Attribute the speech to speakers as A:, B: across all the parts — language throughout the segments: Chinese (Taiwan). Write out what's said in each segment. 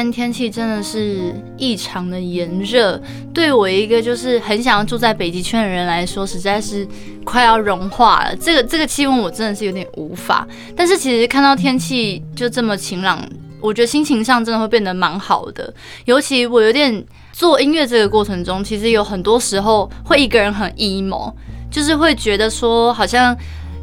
A: 今天天氣真的是異常的炎熱，對我一個就是很想要住在北極圈的人來說，實在是快要融化了。這個這個氣溫我真的是有點無法。但是其實看到天氣就這麼晴朗，我覺得心情上真的會變得蠻好的。尤其我有點做音樂這個過程中，其實有很多時候會一個人很 emo，就是會覺得說好像。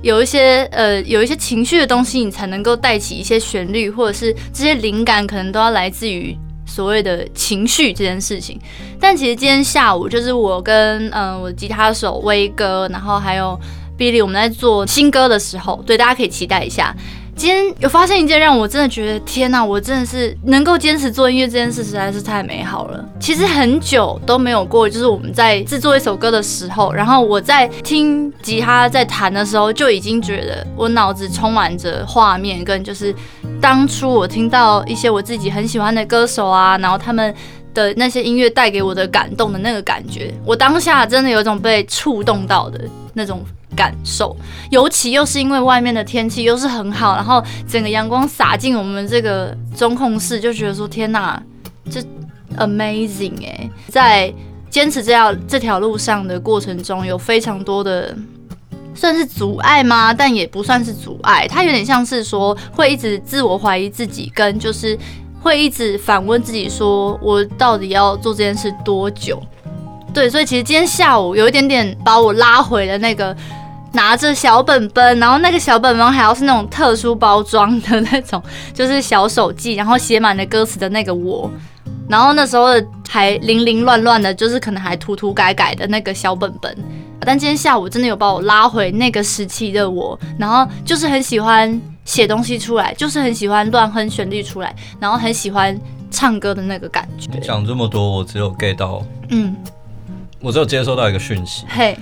A: 有一些呃，有一些情緒的東西，你才能夠帶起一些旋律，或者是這些靈感，可能都要來自於所謂的情緒這件事情。但其實今天下午，就是我跟嗯、呃，我吉他手威哥，然後還有 Billy，我們在做新歌的時候，對大家可以期待一下。今天有發現一件讓我真的覺得天吶，啊，我真的是能夠堅持做音樂這件事實在是太美好了。其實很久都沒有過，就是我們在制作一首歌的時候，然後我在聽吉他在彈的時候，就已經覺得我腦子充滿着畫面，跟就是當初我聽到一些我自己很喜歡的歌手啊，然後他們。的那些音樂帶給我的感動的那個感覺，我當下真的有一種被觸動到的那種感受，尤其又是因為外面的天氣又是很好，然後整個陽光灑進我們這個中控室，就覺得說天哪，這 amazing 哎，在堅持這條這條路上的過程中，有非常多的算是阻礙嗎？但也不算是阻礙，它有點像是說會一直自我懷疑自己跟就是。會一直反問自己說，說我到底要做這件事多久？對，所以其實今天下午有一點點把我拉回了那個拿着小本本，然後那個小本本還要是那種特殊包裝的那種，就是小手記，然後寫滿了歌詞的那個我。然後那時候還零零亂亂的，就是可能還塗塗改改的那個小本本。但今天下午真的有把我拉回那個時期的我，然後就是很喜歡。寫東西出來就是很喜歡亂哼旋律出來，然後很喜歡唱歌的那個感覺。
B: 講這麼多，我只有 get 到，嗯，我只有接收到一個訊息，嘿、hey，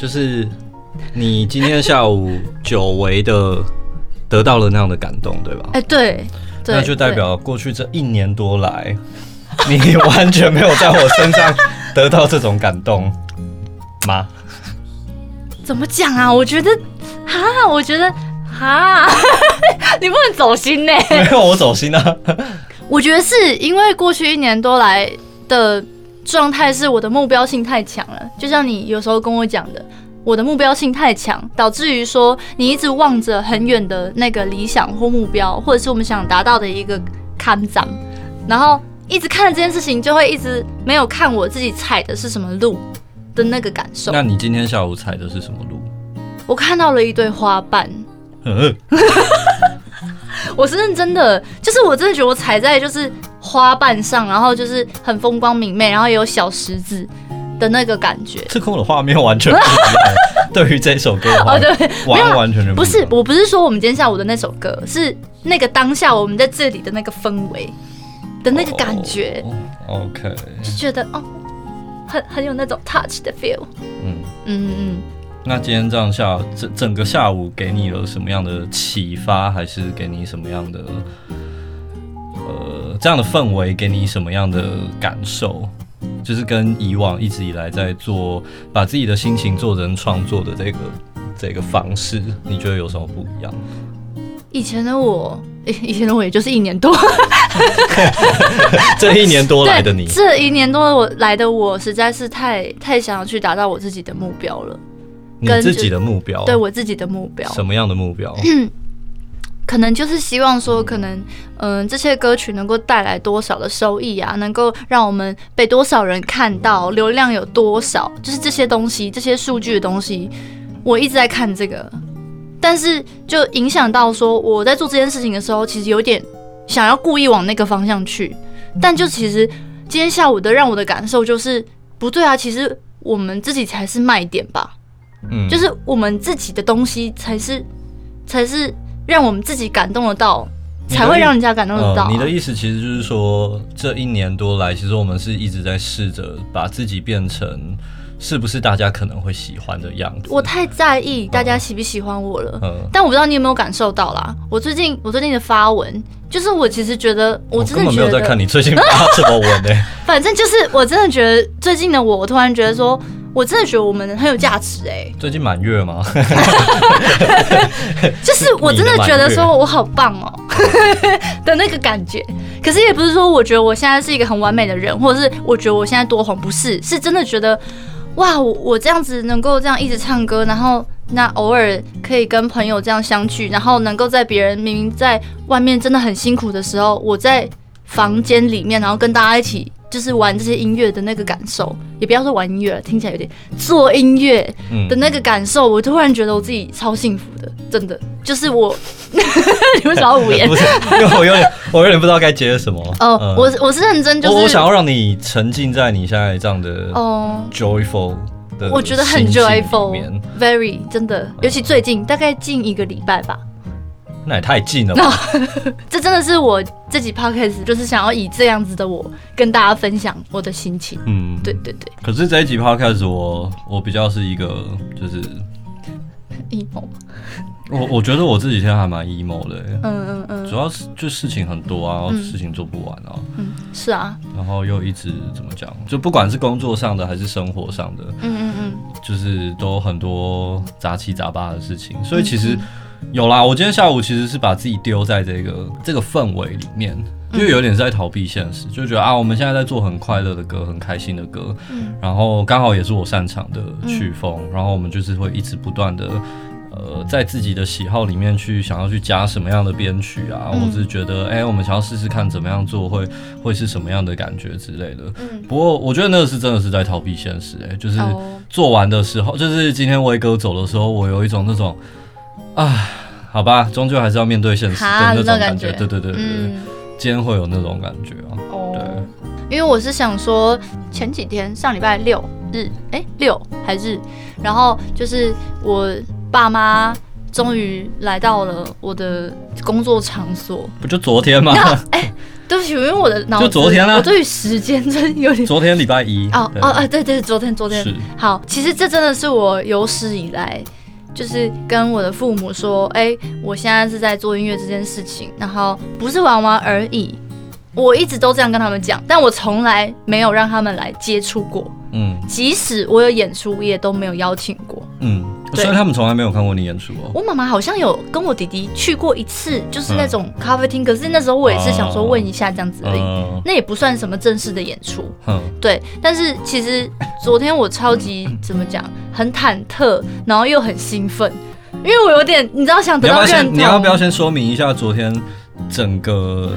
B: 就是你今天下午久違的得到了那樣的感動， 對吧？
A: 哎、欸，對，那就
B: 代表過去這一年多來，你完全沒有在我身上得到這種感動嗎？
A: 怎麼講啊？我覺得，哈，我覺得。啊， 你不能走心呢！沒有，我走心啊。我覺得是因為過去一年多來的狀態是我的目標性太強了，就像你有時候跟我講的，我的目標性太強，導致於說你一直望着很遠的那個理想或目標，或者是我們想達到的一個看漲，然後一直看了這件事情，就會一直沒有看我自己踩的是什麼路的那個感受。
B: 那你今天下午踩的是什麼路？
A: 我看到了一堆花瓣。 我是認真的，就是我真的覺得我踩在就是花瓣上，然後就是很風光明媚，然後也有小石子的那個感覺。
B: 這跟我的畫面完全不一樣。 對於這首歌的話，哦，
A: 完完全不，不是。我不是說我們今天下午的那首歌，是那個當下我們在這裡的那個氛圍的那個感覺。Oh, OK，就覺得哦，很很有那種 touch 的 feel。嗯嗯嗯。嗯
B: 那今天這樣下，整整個下午給你了什麼樣的啟發，還是給你什麼樣的呃這樣的氛圍，給你什麼樣的感受？就是跟以往一直以來在做，把自己的心情做成創作的這個這個方式，你覺得有什麼不一樣？
A: 以前的我，以前的我也就是一年多，
B: 這一年多來的你，這
A: 一年多我來的我，實在是太太想要去達到我自己的目標了。跟自己的目標？對我自己的目標，什
B: 麼樣的目標？
A: 可能就是希望說，可能嗯、呃，這些歌曲能夠帶來多少的收益啊，能夠讓我們被多少人看到，流量有多少，就是這些東西，這些數據的東西，我一直在看這個，但是就影響到說，我在做這件事情的時候，其實有點想要故意往那個方向去，但就其實今天下午的讓我的感受就是不對啊，其實我們自己才是賣點吧。嗯，就是我們自己的東西才是，才是讓我們自己感動得到，才會讓人家感動得到、啊嗯。你的意
B: 思其實就是說，這一年多來，其實我們是一直在試着把自己變成是不是大家可能會喜歡的樣
A: 子。我太在意大家喜不喜歡我了。嗯、但我不知道你有沒有感受到啦。我最近我最近的發文，就是我其實覺得我真的覺得、哦、根本沒有在看你最近發什
B: 麼文呢、欸？
A: 反正就是我真的覺得最近的我，我突然覺得說。嗯我真的覺得我們很有價值哎！
B: 最近滿月嗎？
A: 就是我真的覺得說我好棒哦的那個感覺。可是也不是說我覺得我現在是一個很完美的人，或者是我覺得我現在多紅，不是，是真的覺得哇，我我這樣子能夠這樣一直唱歌，然後那偶爾可以跟朋友這樣相聚，然後能夠在別人明明在外面真的很辛苦的時候，我在房間裡面，然後跟大家一起。就是玩這些音樂的那個感受，也不要說玩音樂了，聽起來有點做音樂的那個感受，嗯。我突然覺得我自己超幸福的，真的。就是我， 你為什麼五言？ 因為我有
B: 點， 我有點不知道該接什麼。哦，oh, 嗯，我
A: 我是認真，就是我，我想要
B: 讓你沉浸在你現在這樣的哦 joyful 的，oh, 我覺得很
A: joyful，very 真的，尤其最近，oh. 大概近一個禮拜吧。
B: 那也太近了吧
A: ？No. 這真的是我這集 podcast 就是想要以這樣子的我跟大家分享我的心情。嗯，對對對。
B: 可是這一集 podcast 我我比較是一個就是
A: emo，我我
B: 覺得我這幾天還蠻 emo 的。嗯嗯嗯，主要是就事情很多啊，然後事情做不完啊嗯。嗯，
A: 是啊。
B: 然後又一直怎麼講？就不管是工作上的還是生活上的，嗯嗯嗯，就是都很多雜七雜八的事情，所以其實。嗯嗯有啦，我今天下午其實是把自己丟在這個這個氛圍裡面，嗯，因為有點在逃避現實，就覺得啊，我們現在在做很快樂的歌，很開心的歌，嗯，然後剛好也是我擅長的曲風，嗯，然後我們就是會一直不斷的，呃，在自己的喜好裡面去想要去加什麼樣的編曲啊，或，嗯，者是覺得哎，欸，我們想要試試看怎麼樣做會會是什麼樣的感覺之類的，嗯，不過我覺得那個是真的是在逃避現實，欸，誒，就是做完的時候，就是今天威哥走的時候，我有一種那種。啊，好吧，終究還是要面對現實的、啊、那種感覺，感覺，對對對對、嗯，今天會有那種感覺哦、啊。
A: 對，因為我是想說，前幾天，上禮拜六日，誒，六還是？然後就是我爸媽終於來到了我的工作場所，
B: 不就昨天嗎？哎，
A: 對不起，因為我的腦子就昨天了、啊。我對於時間真的有點。昨
B: 天禮拜一。哦哦哦、啊，
A: 對對，昨天昨天。好，其實這真的是我有史以來。就是跟我的父母說，哎、欸，我現在是在做音樂這件事情，然後不是玩玩而已。我一直都這樣跟他們講，但我從來沒有讓他們來接觸過。嗯，即使我有演出，我也都沒有邀請過。嗯。
B: 所以他們從來沒有看過你演出哦？我
A: 媽媽好像有跟我弟弟去過一次，就是那種咖啡廳。可是那時候我也是想說問一下這樣子而已，那也不算什麼正式的演出。對。但是其實昨天我超級、嗯、怎麼講，很忐忑，然後又很興奮，因為我有點你知道想得到認同你，你要不
B: 要先說明一下昨天？整個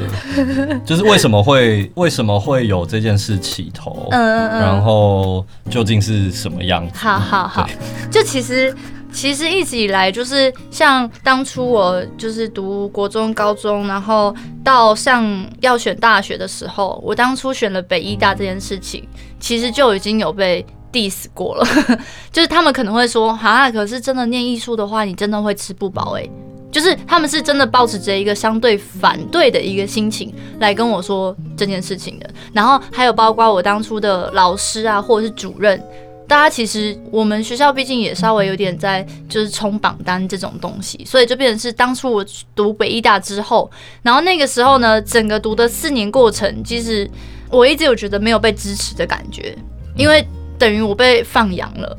B: 就是為什麼會 為什麼會有這件事起頭？
A: 嗯嗯，然
B: 後、嗯、究竟是什麼樣子？
A: 好好好，就其實其實一直以來就是像當初我就是讀國中、高中、嗯，然後到上要選大學的時候，我當初選了北藝大這件事情、嗯，其實就已經有被 diss 過了， 就是他們可能會說：哈、啊，可是真的念藝術的話，你真的會吃不飽哎、欸。就是他們是真的抱持着一個相對反對的一個心情來跟我說這件事情的，然後還有包括我當初的老師啊，或者是主任，大家其實我們學校畢竟也稍微有點在就是衝榜單這種東西，所以就變成是當初我讀北藝大之後，然後那個時候呢，整個讀的四年過程，其實我一直有覺得沒有被支持的感覺，因為等於我被放養了。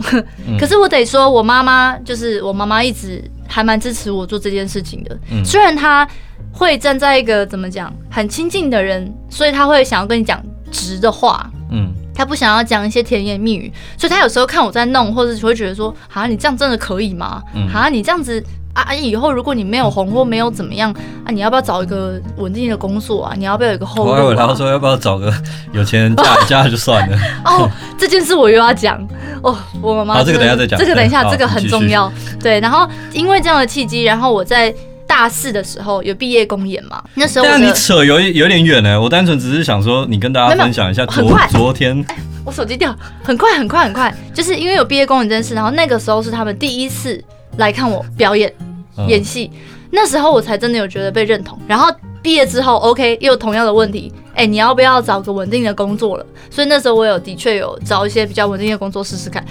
A: 可是我得說我媽媽，就是我媽媽一直，還蠻支持我做這件事情的，嗯、雖然他會站在一個怎麼講很親近的人，所以他會想要跟你講直的話，嗯，他不想要講一些甜言蜜語，所以他有時候看我在弄，或者是會覺得說，啊，你這樣真的可以嗎？啊、嗯，你這樣子。啊！以後如果你沒有紅或沒有怎麼樣，啊，你要不要找一個穩定的工作啊？你要不要有一個後路，啊？然後
B: 說要不要找個有錢人嫁一嫁就算了。
A: 哦，這件事我又要講哦，我媽媽。這個等一下再講。這個等一下，哎，這個很重要，去去去。對，然後因為這樣的契機，然後我在大四的時候有畢業公演嘛。那時候，但，啊、你扯
B: 有一有點遠呢。我單純只是想說，你跟大家分享一下，昨，很快，昨天。哎，
A: 欸，我手機掉。很快，很快，很快，就是因為有畢業公演這件事，然後那個時候是他們第一次。來看我表演、演戲、oh.，那時候我才真的有覺得被認同。然後畢業之後，OK，又同樣的問題，哎，你要不要找個穩定的工作了？所以那時候我有的確有找一些比較穩定的工作試試看。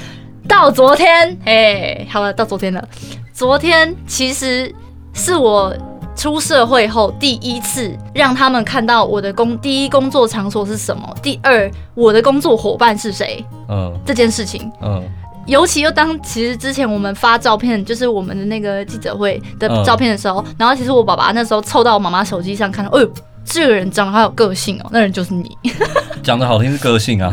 A: 到昨天，哎，好了，到昨天了。昨天其實是我出社會後第一次讓他們看到我的工第一工作場所是什麼，第二我的工作伙伴是誰。嗯，這件事情，嗯。尤其又當其實之前我們發照片，就是我們的那個記者會的照片的時候，嗯、然後其實我爸爸那時候湊到我媽媽手機上看到，哎呦，這個人長得好有個性哦、喔，那人就是你。
B: 講得好聽是個性啊，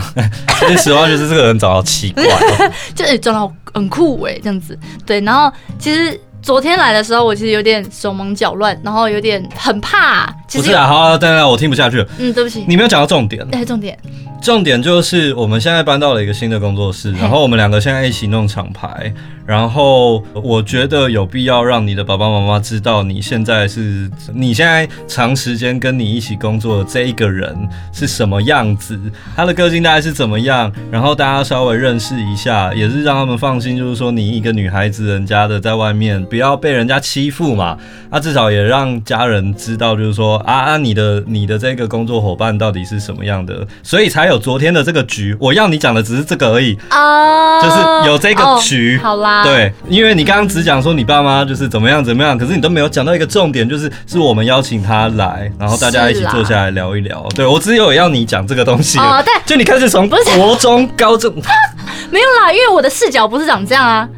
B: 說 句實，實話就是這個人長得好奇
A: 怪、喔， 就、欸、長得好很酷哎、欸，這樣子。對，然後其實昨天來的時候，我其實有點手忙腳亂，然後有點很怕。其實不是啊，好啊，
B: 等等、啊，我聽不下去了。嗯，對不起，你沒有講到重點。哎、欸，重點。重點就是，我們現在搬到了一個新的工作室，然後我們兩個現在一起弄廠牌。然後我覺得有必要讓你的爸爸媽媽知道你現在是你現在長時間跟你一起工作的這一個人是什麼樣子，他的個性大概是怎麼樣。然後大家稍微認識一下，也是讓他們放心，就是說你一個女孩子人家的在外面不要被人家欺負嘛。那、啊、至少也讓家人知道，就是說啊啊你的你的這個工作夥伴到底是什麼樣的，所以才有昨天的這個局。我要你講的只是這個而已
A: ，oh, 就是有這個局。Oh, oh, 好啦。對，
B: 因為你剛剛只講說你爸媽就是怎麼樣怎麼樣，可是你都沒有講到一個重點，就是是我們邀請他來，然後大家一起坐下來聊一聊。對，我只有要你講這個東西好的、啊。就你開始從國中、高中不是、高中
A: 沒有啦，因為我的視角不是長這樣啊，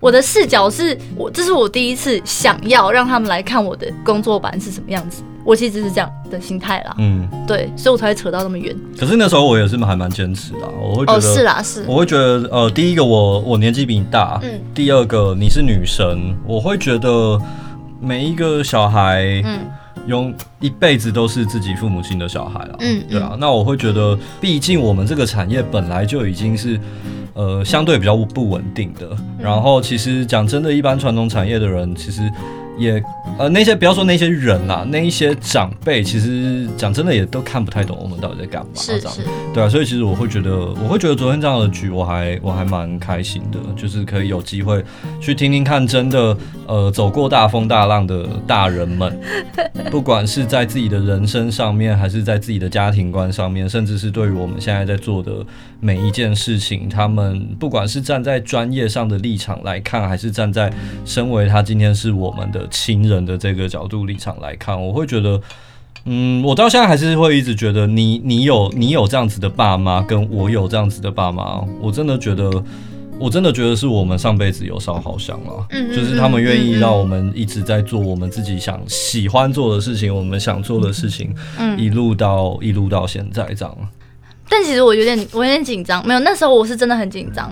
A: 我的視角是我這是我第一次想要讓他們來看我的工作版是什麼樣子。我其實是這樣的心態啦，嗯，對，所以我才會扯到那麼遠。
B: 可是那時候我也是還蠻堅持的，我會覺得、哦、是啦，是。我會覺得，呃，第一個我我年紀比你大，嗯，第二個你是女生，我會覺得每一個小孩，嗯，用一輩子都是自己父母親的小孩了，嗯，對啊。那我會覺得，畢竟我們這個產業本來就已經是，呃，相對比較不穩定的、嗯。然後其實講真的一般傳統產業的人，其實。也，呃，那些不要說那些人啦，那一些長輩，其實講真的，也都看不太懂我們到底在幹嘛，這樣、啊，對啊。所以其實我會覺得，我會覺得昨天這樣的局，我還我還蠻開心的，就是可以有機會去聽聽看，真的，呃，走過大風大浪的大人們，不管是在自己的人生上面，還是在自己的家庭觀上面，甚至是對於我們現在在做的，每一件事情，他們不管是站在專業上的立場來看，還是站在身為他今天是我們的親人的這個角度立場來看，我會覺得，嗯，我到現在還是會一直覺得你，你你有你有這樣子的爸媽，跟我有這樣子的爸媽，我真的覺得，我真的覺得是我們上輩子有燒好香
A: 了，嗯，就是他們願意讓我
B: 們一直在做我們自己想，嗯，喜歡做的事情，我們想做的事情，嗯，一路到一路到現在這樣。
A: 但其實我有點，我有點緊張。沒有，那時候我是真的很緊張，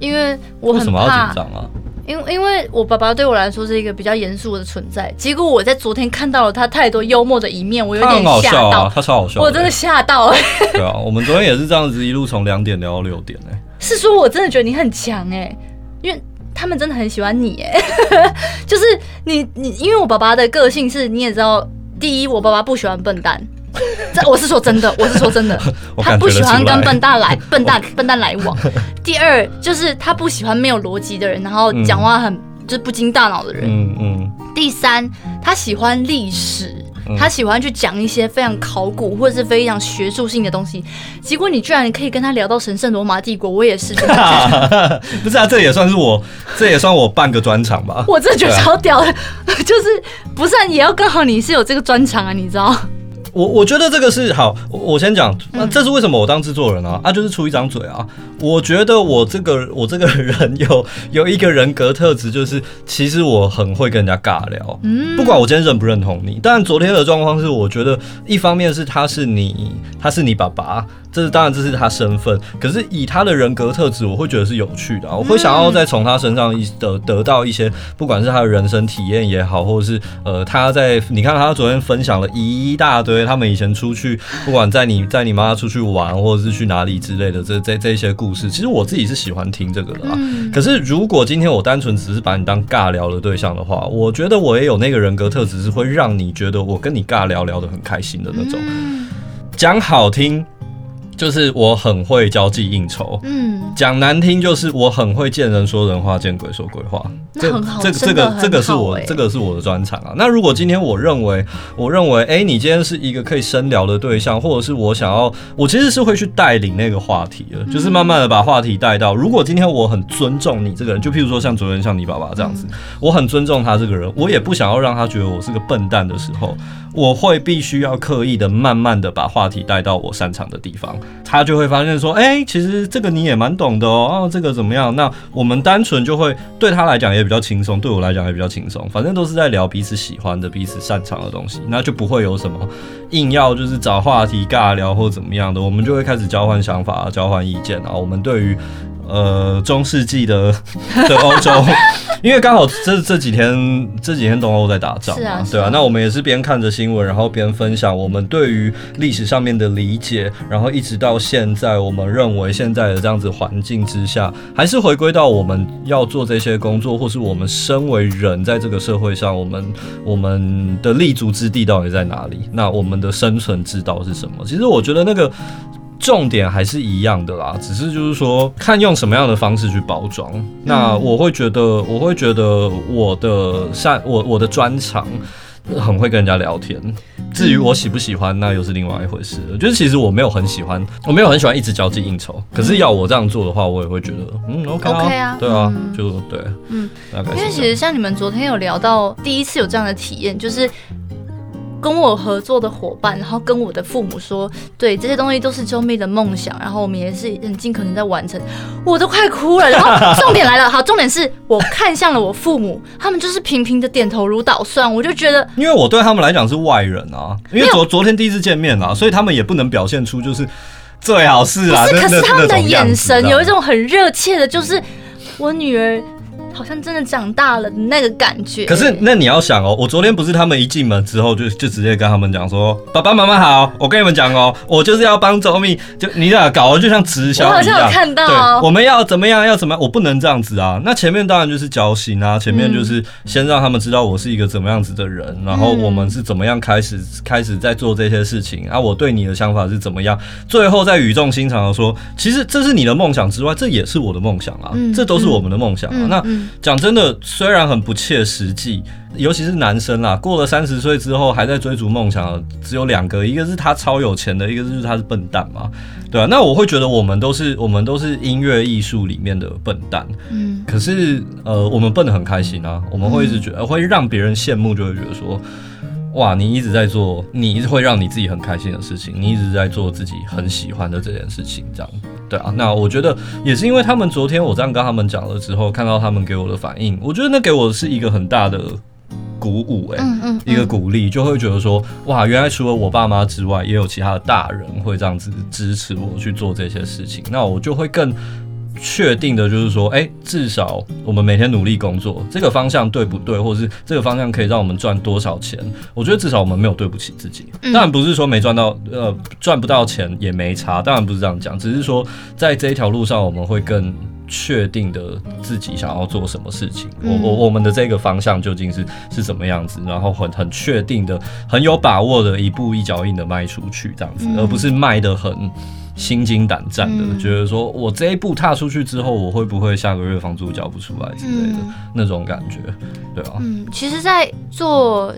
A: 因為我很怕。為什麼要緊張啊？因為因為我爸爸對我來說是一個比較嚴肅的存在。結果我在昨天看到了他太多幽默的一面，我有點嚇到。他很好笑啊！他
B: 超好笑！我真的
A: 嚇到，欸。對
B: 啊，我們昨天也是這樣子，一路從兩點聊到六點哎，欸。
A: 是說我真的覺得你很強哎，欸，因為他們真的很喜歡你哎，欸， 就是你你，因為我爸爸的個性是，你也知道，第一，我爸爸不喜歡笨蛋。這 我是說真的，我是說真的，他不喜歡跟笨蛋來笨蛋笨蛋來往。第二就是他不喜歡沒有邏輯的人，然後講話很就是不經大腦的人。嗯嗯。第三，他喜歡歷史，他喜歡去講一些非常考古或是非常學術性的東西。結果你居然可以跟他聊到神聖羅馬帝國，我也是。
B: 不是啊，這也算是我，這也算我半個專長吧。啊 啊、我這我我真的覺得超
A: 屌的，就是不算也要剛好你是有這個專長啊，你知道？
B: 我我覺得這個是好，我先講，那這是為什麼我當製作人啊？啊，就是出一張嘴啊。我覺得我這個我這個人有有一個人格特質，就是其實我很會跟人家尬聊，嗯，不管我今天認不認同你，但昨天的狀況是，我覺得一方面是他是你，他是你爸爸。這當然這是他身份，可是以他的人格特質，我會覺得是有趣的啊，我會想要再從他身上一得得到一些，不管是他的人生體驗也好，或者是呃他在你看他昨天分享了一大堆，他們以前出去，不管在你在你媽出去玩，或者是去哪裡之類的，這這這些故事，其實我自己是喜歡聽這個的啊。嗯、可是如果今天我單純只是把你當尬聊的對象的話，我覺得我也有那個人格特質，是會讓你覺得我跟你尬聊聊得很開心的那種，講、嗯、好聽。就是我很會交際應酬，嗯，講難聽就是我很會見人說人話，見鬼說鬼話。這很好，這個、欸、這個這個是我這個是我的專長啊。那如果今天我認為我認為哎、欸，你今天是一個可以深聊的對象，或者是我想要，我其實是會去帶領那個話題的，就是慢慢的把話題帶到、嗯。如果今天我很尊重你這個人，就譬如說像昨天像你爸爸這樣子，嗯、我很尊重他這個人，我也不想要讓他覺得我是個笨蛋的時候。我會必須要刻意的慢慢的把話題帶到我擅長的地方，他就會發現說，哎、欸，其實這個你也蠻懂的哦，哦，這個怎麼樣？那我們單純就會對他來講也比較輕鬆，對我來講也比較輕鬆，反正都是在聊彼此喜歡的、彼此擅長的東西，那就不會有什麼硬要就是找話題尬聊或怎麼樣的，我們就會開始交換想法、交換意見啊，我們對於。呃，中世紀的的歐洲， 因為剛好這這幾天這幾天東歐在打仗啊啊啊對啊，那我們也是邊看着新聞，然後邊分享我們對於歷史上面的理解，然後一直到現在，我們認為現在的這樣子環境之下，還是回歸到我們要做這些工作，或是我們身為人在這個社會上，我們我們的立足之地到底在哪裡？那我們的生存之道是什麼？其實我覺得那個。重點還是一樣的啦，只是就是說看用什麼樣的方式去包裝，嗯。那我會覺得，我會覺得我的下我我的專長很會跟人家聊天。至於我喜不喜歡，那又是另外一回事。就是其實我沒有很喜歡，我沒有很喜歡一直交際應酬。可是要我這樣做的話，我也會覺得嗯 okay 啊，OK 啊，對啊，嗯、就對，嗯，大概因為其實
A: 像你們昨天有聊到第一次有這樣的體驗，就是。跟我合作的伙伴，然後跟我的父母說，對這些東西都是周蜜的夢想，然後我們也是很儘可能在完成，我都快哭了。然後重點來了，好，重點是我看向了我父母，他們就是頻頻的點頭如搗蒜，我就覺得，因
B: 為我對他們來講是外人啊，因為昨,昨天第一次見面啊，所以他們也不能表現出就是最好是啊，不是，可是他們的眼神有一種
A: 很熱切的，就是我女兒。好像真的長大了那個感覺。可是
B: 那你要想哦，我昨天不是他們一進門之後就就直接跟他們講說爸爸媽媽好，我跟你們講哦，我就是要幫周蜜，就你倆搞得就像直銷。我好像有看到、哦，我們要怎麼樣，要怎麼樣，我不能這樣子啊。那前面當然就是交心啊，前面就是先讓他們知道我是一個怎麼樣子的人，嗯、然後我們是怎麼樣開始開始在做這些事情。嗯、啊，我對你的想法是怎麼樣，最後再語重心長的說，其實這是你的夢想之外，這也是我的夢想啊。嗯、這都是我們的夢想啊。嗯嗯那講真的，雖然很不切實際，尤其是男生啦，過了三十歲之後還在追逐夢想，只有兩個，一個是他超有錢的，一個就是他是笨蛋嘛，對啊。那我會覺得我們都是我們都是音樂藝術裡面的笨蛋，嗯。可是呃，我們笨得很開心啊，我們會一直覺得、嗯、會讓別人羨慕，就會覺得說，哇，你一直在做，你一直會讓你自己很開心的事情，你一直在做自己很喜歡的這件事情，這樣。對啊，那我覺得也是因為他們昨天我這樣跟他們講了之後，看到他們給我的反應，我覺得那給我是一個很大的鼓舞、欸，誒、嗯嗯嗯，一個鼓勵，就會覺得說，哇，原來除了我爸媽之外，也有其他的大人會這樣子支持我去做這些事情，那我就會更。確定的就是說，哎、欸，至少我們每天努力工作，這個方向對不對，或者是這個方向可以讓我們賺多少錢？我覺得至少我們沒有對不起自己。嗯、當然不是說沒賺到，呃，賺不到錢也沒差。當然不是這樣講，只是說在這一條路上，我們會更確定的自己想要做什麼事情。嗯、我我我們的這個方向究竟是是什麼樣子？然後很很確定的、很有把握的，一步一腳印的邁出去，這樣子，而不是邁得很。心驚膽戰的、嗯，覺得說我這一步踏出去之後，我會不會下個月房租交不出來之類的、嗯、那種感覺，對吧、啊？嗯，
A: 其實，在做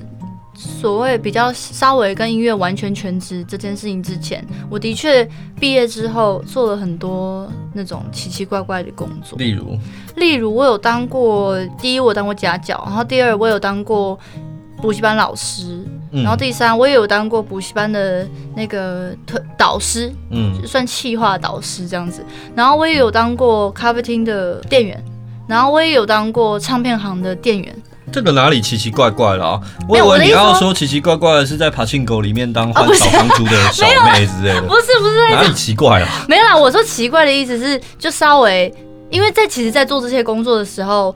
A: 所謂比較稍微跟音樂完全全職這件事情之前，我的確畢業之後做了很多那種奇奇怪怪的工作，例如，例如我有當過第一，我當過家教，然後第二，我有當過補習班老師。然後第三、嗯，我也有當過補習班的那個特導師，嗯，就算企劃導師這樣子。然後我也有當過咖啡廳的店員，然後我也有當過唱片行的店員。
B: 這個哪裡奇奇怪怪了啊、嗯？我以為我你要說奇奇怪怪的是在柏青哥裡面當換小房主的小妹之類、啊、不
A: 是、 啊、不是，不是哪裡奇怪了、啊？ 沒啦、啊，我說奇怪的意思是就稍微，因為在其實在做這些工作的時候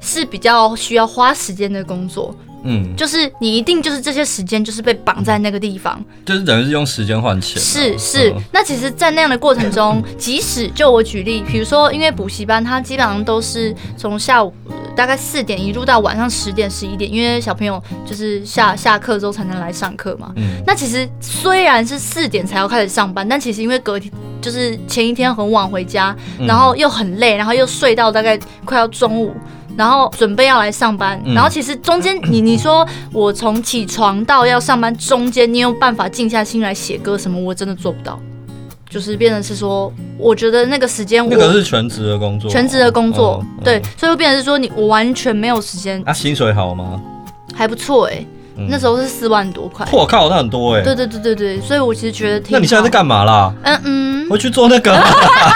A: 是比較需要花時間的工作。嗯，就是你一定就是這些時間就是被綁在那個地方，
B: 就是等於是用時間換錢。是是、嗯，
A: 那其實，在那樣的過程中，即使就我舉例，比如說，因為補習班它基本上都是從下午、呃、大概四點一路到晚上十點十一點，因為小朋友就是下下課之後才能來上課嘛、嗯。那其實雖然是四點才要開始上班，但其實因為隔天就是前一天很晚回家，然後又很累，然後又睡到大概快要中午。然後準備要來上班，嗯、然後其實中間你你說我從起床到要上班中間，你有辦法靜下心來寫歌什麼？我真的做不到，就是變成是說，我覺得那個時間我那個是
B: 全職的工作，全職的工作，哦哦
A: 嗯、對，所以變成是說你我完全沒有時間。
B: 啊，薪水好嗎？
A: 還不錯哎、欸嗯，那時候是四萬多塊。我
B: 靠，那很多哎、欸。對對
A: 對對對，所以我其實覺得挺。那你
B: 現在在幹嘛啦？
A: 嗯嗯，回去做那個、啊。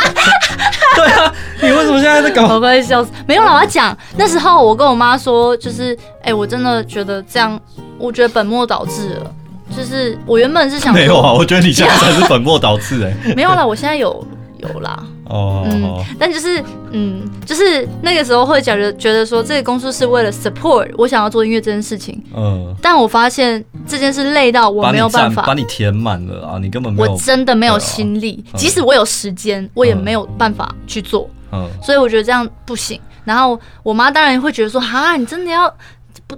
A: 對啊，你為什麼現在在搞？我爸笑死！沒有了，我要講，那時候我跟我媽說，就是哎、欸，我真的覺得這樣，我覺得本末倒置了。就是我原本是想沒有啊，我覺得你現在才是本
B: 末倒置哎、欸。
A: 沒有了，我現在有有啦。哦、oh，嗯，oh oh oh. 但就是，嗯，就是那個時候會覺得覺得說這個公司是為了 support 我想要做音樂這件事情，嗯、oh.，但我發現這件事累到我沒有辦法，把你，把你
B: 填滿了啊，你根本沒有我真
A: 的沒有心力，oh. 即使我有時間、oh.，我也沒有辦法去做，嗯、oh. oh.，所以我覺得這樣不行。然後我媽當然會覺得說，哈，你真的要不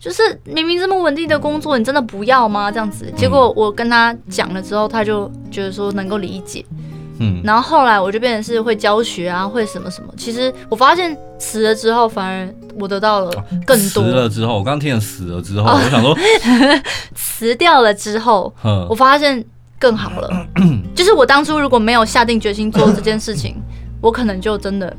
A: 就是明明這麼穩定的工作，你真的不要嗎？這樣子，oh. 結果我跟她講了之後，她就覺得說能夠理解。嗯，然後後來我就變成是會教學啊，會什麼什麼。其實我發現辭了之後，反而我得到了更多。啊、辭
B: 了之後，我剛聽成死了之後，啊、我想說
A: 辭掉了之後，我發現更好了。 就是我當初如果沒有下定決心做這件事情， 我可能就真的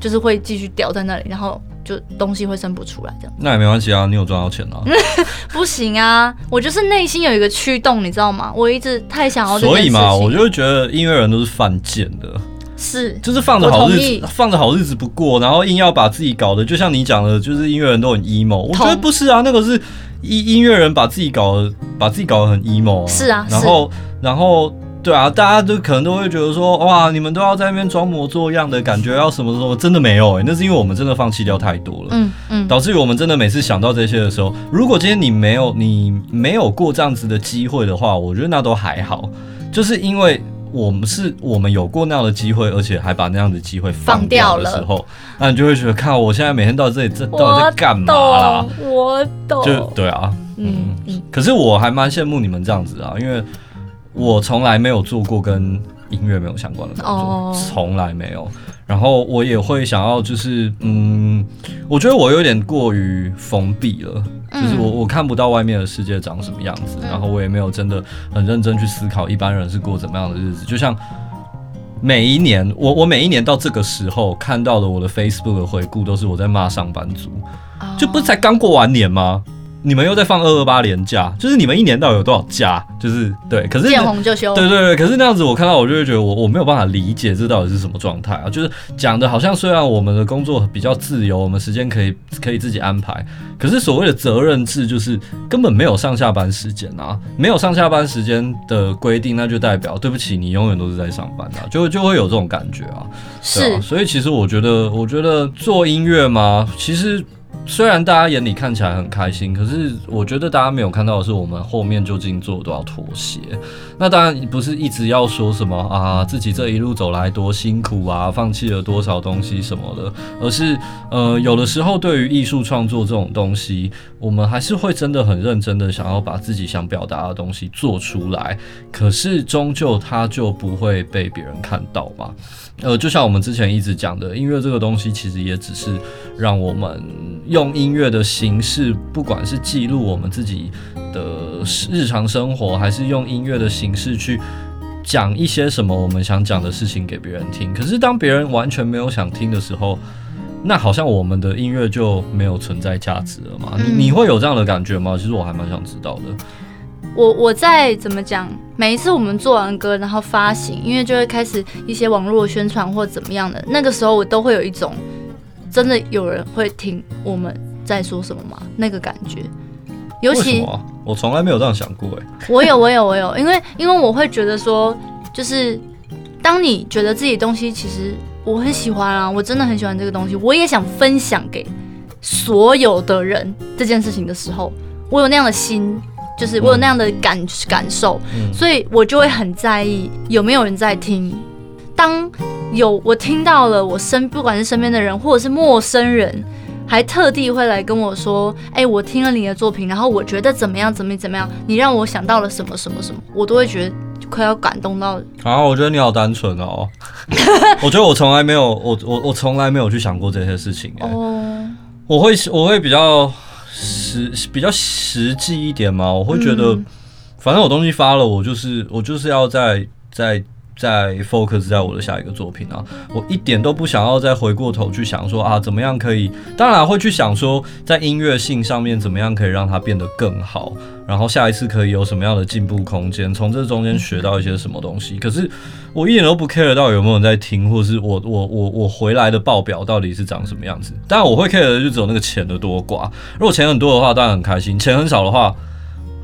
A: 就是會繼續吊在那裡，然後。就東西會生不出來這樣，
B: 那也沒關係啊，你有賺到錢啊？
A: 不行啊，我就是內心有一個驅動，你知道嗎？我一直太想要這。所以嘛，我就
B: 會覺得音樂人都是犯賤的，
A: 是，就是放着好日子
B: 放着好日子不過，然後硬要把自己搞得就像你講的，就是音樂人都很 emo。我覺得不是啊，那個是音音樂人把自己搞得把自己搞得很 emo 啊。是啊，然後是然後。對啊，大家都可能都會覺得說，哇，你們都要在那邊裝模作樣的，感覺要什麼時候真的沒有誒、欸，那是因為我們真的放棄掉太多了，嗯嗯，導致於我們真的每次想到這些的時候，如果今天你沒有你沒有過這樣子的機會的話，我覺得那都還好，就是因為我們是，我們有過那樣的機會，而且還把那樣的機會放掉的時候，那、啊、你就會覺得，看我現在每天到這裡這到底在幹嘛啦，
A: 我懂，就對啊嗯，嗯，
B: 可是我還蠻羨慕你們這樣子啊，因為。我從來沒有做過跟音樂沒有相關的工作，oh. 從來沒有。然後我也會想要，就是嗯，我覺得我有點過於封閉了，mm. 就是我我看不到外面的世界長什麼樣子，mm. 然後我也沒有真的很認真去思考一般人是過怎麼樣的日子。就像每一年，我我每一年到這個時候看到的我的 Facebook 的回顧，都是我在罵上班族，就不是才剛過完年嗎？你們又在放二二八連假，就是你們一年到底有多少假？就是對，可是見紅就休，對對對。可是那樣子我看到，我就會覺得我我沒有辦法理解這到底是什麼狀態啊！就是講的好像，雖然我們的工作比較自由，我們時間可以可以自己安排，可是所謂的責任制就是根本沒有上下班時間啊，沒有上下班時間的規定，那就代表對不起，你永遠都是在上班的啊，就就會有這種感覺啊。是對啊，所以其實我覺得，我覺得做音樂嘛，其實。雖然大家眼裡看起來很開心，可是我覺得大家沒有看到的是，我們後面究竟做了多少妥協。那當然不是一直要說什麼啊，自己這一路走來多辛苦啊，放棄了多少東西什麼的，而是呃，有的時候對於藝術創作這種東西。我們還是會真的很認真的想要把自己想表達的東西做出來，可是終究它就不會被別人看到吧。呃，就像我們之前一直講的，音樂這個東西其實也只是讓我們用音樂的形式，不管是記錄我們自己的日常生活，還是用音樂的形式去講一些什麼我們想講的事情給別人聽。可是當別人完全沒有想聽的時候，那好像我們的音樂就沒有存在價值了嗎？嗯，你你會有這樣的感覺嗎？其實我還蠻想知道的，
A: 我我在怎麼講，每一次我們做完歌，然後發行，因為就會開始一些網絡宣傳或怎麼樣的，那個時候我都會有一種，真的有人會聽我們在說什麼嗎？那個感覺。尤其為什麼、啊、
B: 我從來沒有這樣想過哎、欸。
A: 我有，我有，我有，因為因為我會覺得說，就是當你覺得自己東西其實。我很喜歡啊，我真的很喜歡這個東西，我也想分享給所有的人。這件事情的時候，我有那樣的心，就是我有那樣的感、嗯、感受，所以我就會很在意有沒有人在聽。當有，我聽到了我身不管是身邊的人，或者是陌生人。還特地會來跟我說，哎、欸，我聽了你的作品，然後我覺得怎麼樣，怎麼怎麼樣，你讓我想到了什麼什麼什麼，我都會覺得快要感動到。
B: 啊，我覺得你好單純哦， 我覺得我從來沒有，我我我從來沒有去想過這些事情。哦、oh，我會我會比較實比較實際一點嘛，我會覺得、嗯、反正我東西發了、就是，我就是我就是要在在。再在 focus 在我的下一個作品啊，我一點都不想要再回過頭去想說啊，怎麼樣可以，當然會去想說在音樂性上面怎麼樣可以讓它變得更好，然後下一次可以有什麼樣的進步空間，從這中間學到一些什麼東西。可是我一點都不 care 到底有沒有人在聽，或是我我我我回來的報表到底是長什麼樣子。當然我會 care 的就只有那個錢的多寡，如果錢很多的話當然很開心，錢很少的話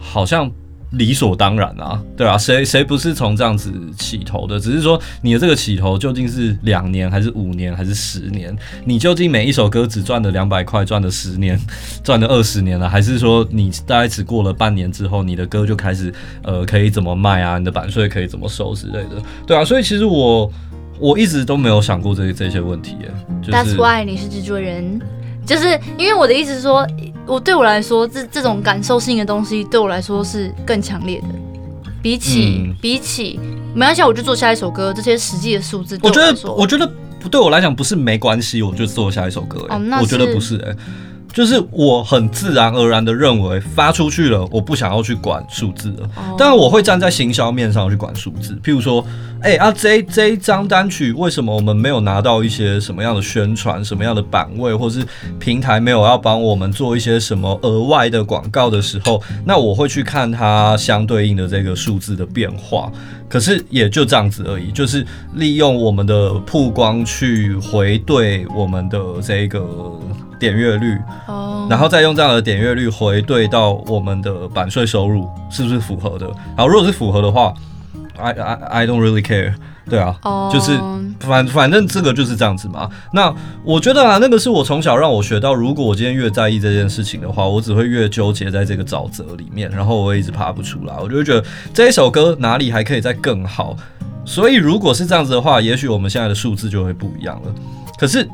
B: 好像。理所當然啊，對啊。誰誰不是從這樣子起頭的？只是說你的這個起頭究竟是兩年還是五年還是十年？你究竟每一首歌只賺了兩百塊，賺了十年，賺了二十年了，還是說你大概只過了半年之後，你的歌就開始呃可以怎麼賣啊？你的版稅可以怎麼收之類的？對啊，所以其實我我一直都沒有想過這這些問題耶。就是、That's why
A: 你是製作人。就是因為我的意思是說，我對我來說，這這種感受性的東西對我來說是更強烈的，比起、嗯、比起沒關係，我就做下一首歌。這些實際的數字我，我覺得我覺
B: 得對我來講不是沒關係，我就做下一首歌、欸哦。我覺得不是、欸就是我很自然而然的認為發出去了，我不想要去管數字了。當然，我會站在行銷面上去管數字。譬如說，誒、欸、啊，這一這一張單曲為什麼我們沒有拿到一些什麼樣的宣傳、什麼樣的版位，或是平台沒有要幫我們做一些什麼額外的廣告的時候，那我會去看它相對應的這個數字的變化。可是也就這樣子而已，就是利用我們的曝光去回對我們的這個點閱率，oh. 然後再用這樣的點閱率回對到我們的版稅收入，是不是符合的？好，如果是符合的話，I I I don't really care。對啊，就是、uh... 反反正這個就是這樣子嘛。那我覺得啊，那個是我從小讓我學到，如果我今天越在意這件事情的話，我只會越糾結在這個沼澤裡面，然後我一直爬不出來。我就會覺得這一首歌哪裡還可以再更好。所以如果是這樣子的話，也許我們現在的數字就會不一樣了。可是。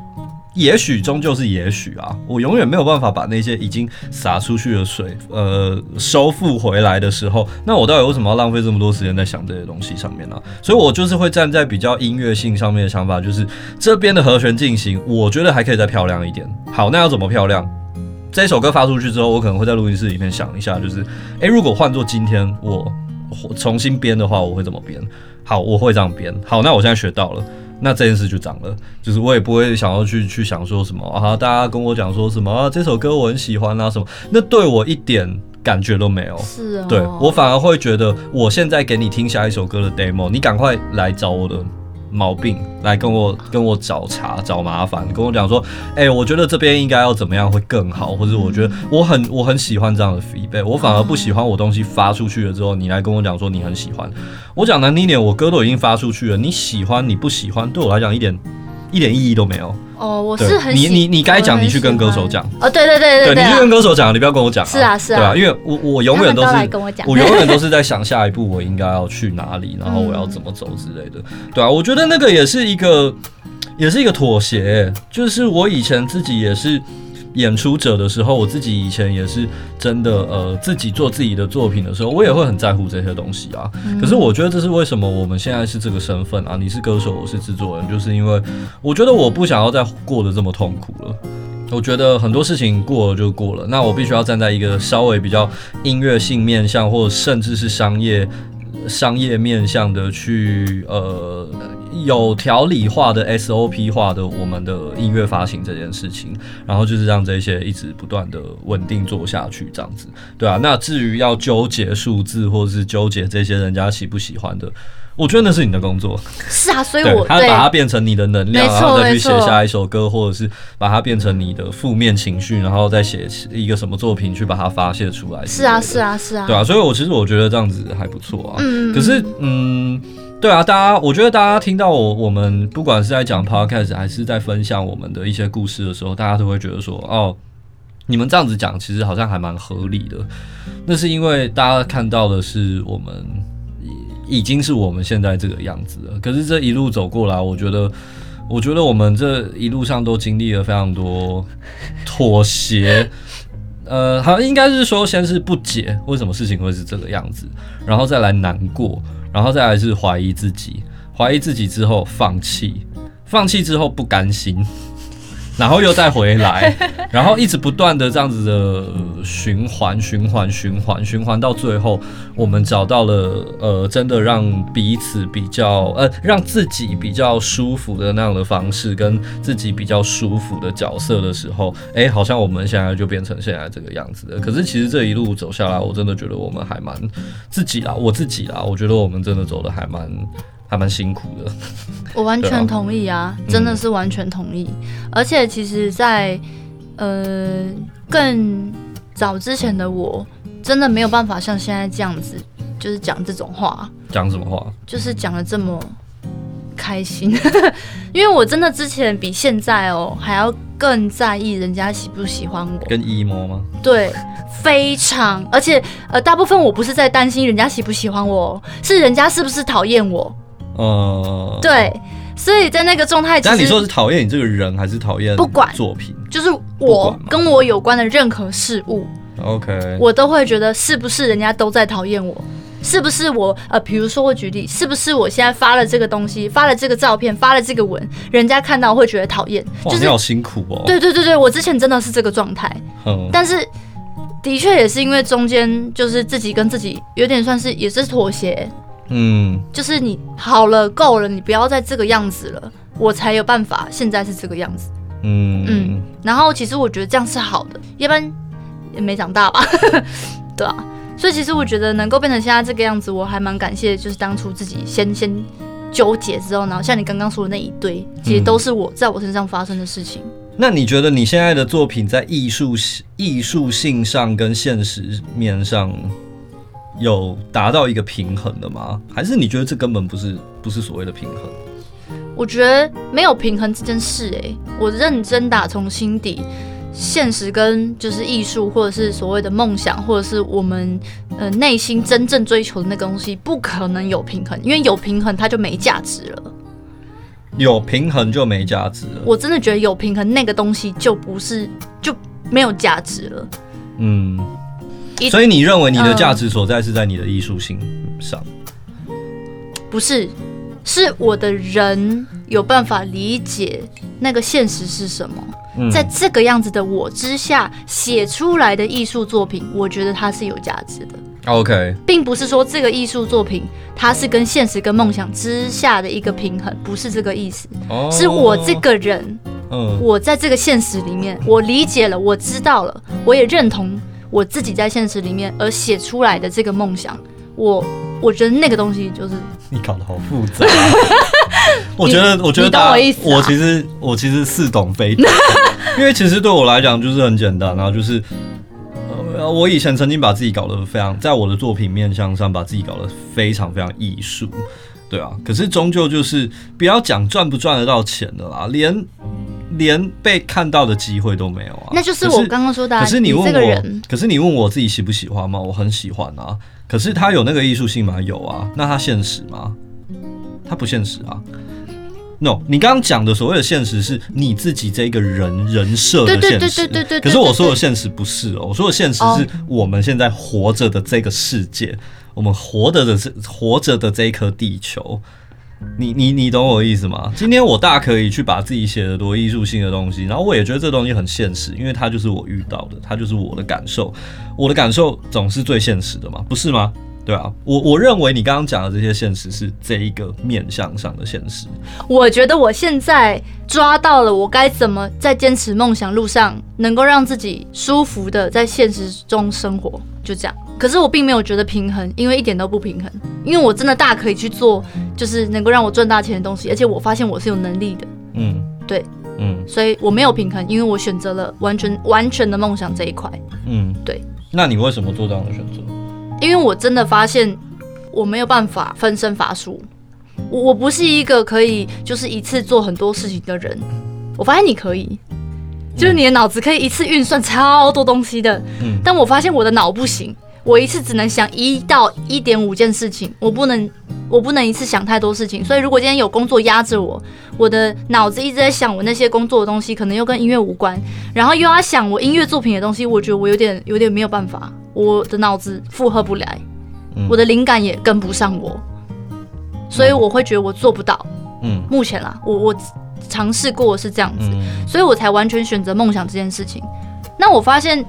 B: 也許終究是也許啊，我永遠沒有辦法把那些已經灑出去的水，呃，收復回來的時候，那我到底為什麼要浪費這麼多時間在想這些東西上面呢，啊？所以我就是會站在比較音樂性上面的想法，就是這邊的和弦進行，我覺得還可以再漂亮一點。好，那要怎麼漂亮？這首歌發出去之後，我可能會在錄音室裡面想一下，就是，誒、欸，如果換作今天我，我重新編的話，我會怎麼編？好，我會這樣編。好，那我現在學到了。那這件事就長了，就是我也不會想要去去想說什麼啊，大家跟我講說什麼啊，這首歌我很喜歡啊什麼，那對我一點感覺都沒有。是啊、哦。對，我反而會覺得，我現在給你聽下一首歌的 demo，你趕快來找我的，毛病來跟我跟我找茬找麻煩，跟我講說，哎、欸，我覺得這邊應該要怎麼樣會更好，或者我覺得我很我很喜歡這樣的 feedback，我反而不喜歡我東西發出去了之後，你來跟我講說你很喜歡，我講難聽一點，我歌都已經發出去了，你喜歡你不喜歡，對我來講一點一點意義都沒有。
A: 哦，我是很你你你該講，你去跟歌手講啊、哦！對對對對,對,對,對,、啊、對，你去跟歌
B: 手講、啊，你不要跟我講、啊。是啊是啊，對啊，因為我我永遠都是我,我永遠都是在想下一步我應該要去哪裡，然後我要怎麼走之類的、嗯。對啊，我覺得那個也是一個，也是一個妥協、欸，就是我以前自己也是。演出者的時候，我自己以前也是真的，呃，自己做自己的作品的時候，我也會很在乎這些東西啊。嗯。可是我覺得這是為什麼我們現在是這個身份啊？你是歌手，我是制作人，就是因為我覺得我不想要再過得這麼痛苦了。我覺得很多事情過了就過了，那我必須要站在一個稍微比較音樂性面向，或者甚至是商業商業面向的去，呃。有條理化的 SOP 化的我們的音樂發行這件事情，然後就是讓這些一直不斷的穩定做下去，這樣子，對啊，那至於要糾結數字或者是糾結這些人家喜不喜歡的。我覺得那是你的工作。
A: 是啊，所以我他把它變
B: 成你的能量，然後再去寫下一首歌，或者是把它變成你的負面情緒，然後再寫一個什麼作品去把它發泄出來是。是啊，是啊，是啊。對啊，所以我其實我覺得這樣子還不錯啊。嗯。可是，嗯，對啊，大家，我覺得大家聽到我我們不管是在講 Podcast 還是在分享我們的一些故事的時候，大家都會覺得說，哦，你們這樣子講，其實好像還蠻合理的。那是因為大家看到的是我們。已經是我們現在這個樣子了。可是這一路走過來，我覺得，我覺得我們這一路上都經歷了非常多妥協。呃，好像，應該是說先是不解為什麼事情會是這個樣子，然後再來難過，然後再來是懷疑自己，懷疑自己之後放棄，放棄之後不甘心。然後又再回來， 然後一直不斷的這樣子的、呃、循環，循環，循環，循環到最後，我們找到了呃，真的讓彼此比較呃，讓自己比較舒服的那樣的方式，跟自己比較舒服的角色的時候，哎，好像我們現在就變成現在這個樣子的。可是其實這一路走下來，我真的覺得我們還蠻自己啦，我自己啦，我覺得我們真的走得還蠻。還蠻辛苦的，我完全同意啊，啊，真的
A: 是完全同意。嗯、而且其實在，在呃更早之前的我，真的沒有辦法像現在這樣子，就是講這種話。講什麼話？就是講得這麼開心， 因為我真的之前比現在哦還要更在意人家喜不喜歡我，
B: 跟 emo 嗎？
A: 對，非常。而且呃，大部分我不是在擔心人家喜不喜歡我，是人家是不是討厭我。
B: 哦、uh...，
A: 對，所以在那個狀態，那你說是
B: 討厭你這個人，還是討厭不管作品，
A: 就是我跟我有關的任何事物，OK，我都會覺得是不是人家都在討厭我，是不是我呃，比如說我舉例，是不是我現在發了這個東西，發了這個照片，發了這個文，人家看到會覺得討厭，哇，就
B: 是、你好辛苦哦。對對
A: 對對，我之前真的是這個狀態，但是的確也是因為中間就是自己跟自己有點算是也是妥協。嗯，就是你好了，夠了，你不要再這個樣子了，我才有辦法。現在是這個樣子嗯，嗯嗯。然後其實我覺得這樣是好的，要不然也沒長大吧， 對啊。所以其實我覺得能夠變成現在這個樣子，我還蠻感謝，就是當初自己先先糾結之後，然後像你剛剛說的那一堆，其實都是我在我身上發生的事情、
B: 嗯。那你覺得你現在的作品在藝術性、藝術性上跟現實面上？有達到一個平衡的嗎？還是你覺得這根本不是不是所謂的平衡？
A: 我覺得沒有平衡這件事、欸。哎，我認真打從心底，現實跟就是藝術，或者是所謂的夢想，或者是我們呃內心真正追求的那個東西，不可能有平衡。因為有平衡，它就沒價值了。
B: 有平衡就沒價值了。
A: 我真的覺得有平衡那個東西就不是就沒有價值了。嗯。It, 所以你認為你的價值
B: 所在是在你的藝術性上？嗯，
A: 不是，是我的人有辦法理解那個現實是什麼。在這個樣子的我之下寫出來的藝術作品，我覺得它是有價值的。OK，並不是說這個藝術作品它是跟現實跟夢想之下的一個平衡，不是這個意思。是我這個人，哦，嗯，我在這個現實裡面，我理解了，我知道了，我也認同。我自己在現實裡面而寫出來的這個夢想，我我覺得那個東西就是
B: 你搞得好複雜，
A: 啊 我。我覺得我覺得不好意思，啊，我其
B: 實我其實似懂非懂， 因為其實對我來講就是很簡單啊，就是、呃、我以前曾經把自己搞得非常，在我的作品面向上把自己搞得非常非常藝術，對啊，可是終究就是不要講賺不賺得到錢的啦，連。連被看到的機會都沒有啊！那就是我剛
A: 剛說的、啊可。可是你問我你，
B: 可是你問我自己喜不喜歡嗎？我很喜歡啊。可是他有那個藝術性嗎？有啊。那他現實嗎？他不現實啊。No，你剛剛講的所謂的現實是你自己這一個人人設的現實。對對對對對，對，對對對對對。可是我說的現實不是哦、喔，我說的現實是我們現在活着的這個世界，oh. 我們活着的，的這活着的這一顆地球。你你你懂我的意思嗎？今天我大可以去把自己寫得多藝術性的東西，然後我也覺得這東西很現實，因為它就是我遇到的，它就是我的感受，我的感受總是最現實的嘛，不是嗎？對啊，我我認為你剛剛講的這些現實是這一個面向上的現實。
A: 我覺得我現在抓到了，我該怎麼在堅持夢想路上，能夠讓自己舒服的在現實中生活，就這樣。可是我並沒有覺得平衡，因為一點都不平衡，因為我真的大可以去做，就是能夠讓我賺大錢的東西，而且我發現我是有能力的。嗯，對，
B: 嗯，
A: 所以我沒有平衡，因為我選擇了完全完全的夢想這一塊。嗯，對。
B: 那你為什麼做這樣的選擇？
A: 因為我真的發現，我沒有辦法分身乏術，我我不是一個可以就是一次做很多事情的人。我發現你可以，嗯、就是你的腦子可以一次運算超多東西的，嗯、但我發現我的腦不行。我一次只能想一到一點五件事情，我不能，我不能一次想太多事情。所以如果今天有工作壓着我，我的腦子一直在想我那些工作的東西，可能又跟音樂無關，然後又要想我音樂作品的東西，我覺得我有點有點沒有辦法，我的腦子負荷不來，嗯、我的靈感也跟不上我，所以我會覺得我做不到。嗯，目前啦，我我嘗試過是這樣子、嗯，所以我才完全選擇夢想這件事情。那我發現。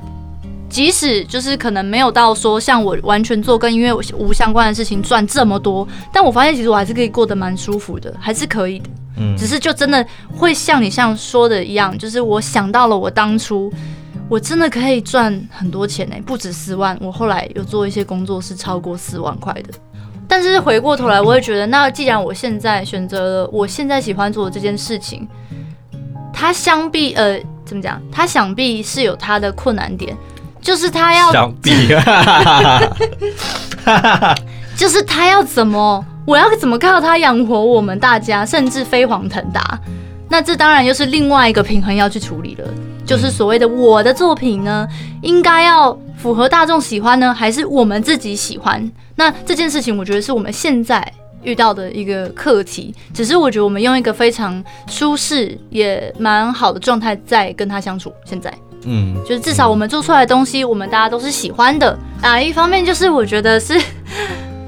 A: 即使就是可能沒有到說像我完全做跟音樂無相關的事情賺這麼多，但我發現其實我還是可以過得蠻舒服的，還是可以的。嗯，只是就真的會像你像說的一樣，就是我想到了我當初，我真的可以賺很多錢呢、欸，不止十萬。我後來有做一些工作是超過四萬塊的，但是回過頭來我也覺得，那既然我現在選擇了我現在喜歡做的這件事情，它想必呃怎麼講，它想必是有它的困難點。就是他要，啊、 就是他要怎麼，我要怎麼靠他養活我們大家，甚至飛黃騰達。那這當然又是另外一個平衡要去處理了，就是所謂的我的作品呢，應該要符合大眾喜歡呢，還是我們自己喜歡？那這件事情，我覺得是我們現在遇到的一個課題。只是我覺得我們用一個非常舒適也蠻好的狀態在跟他相處。現在。嗯，就是至少我們做出來的東西，我們大家都是喜歡的、嗯、啊。一方面就是我覺得是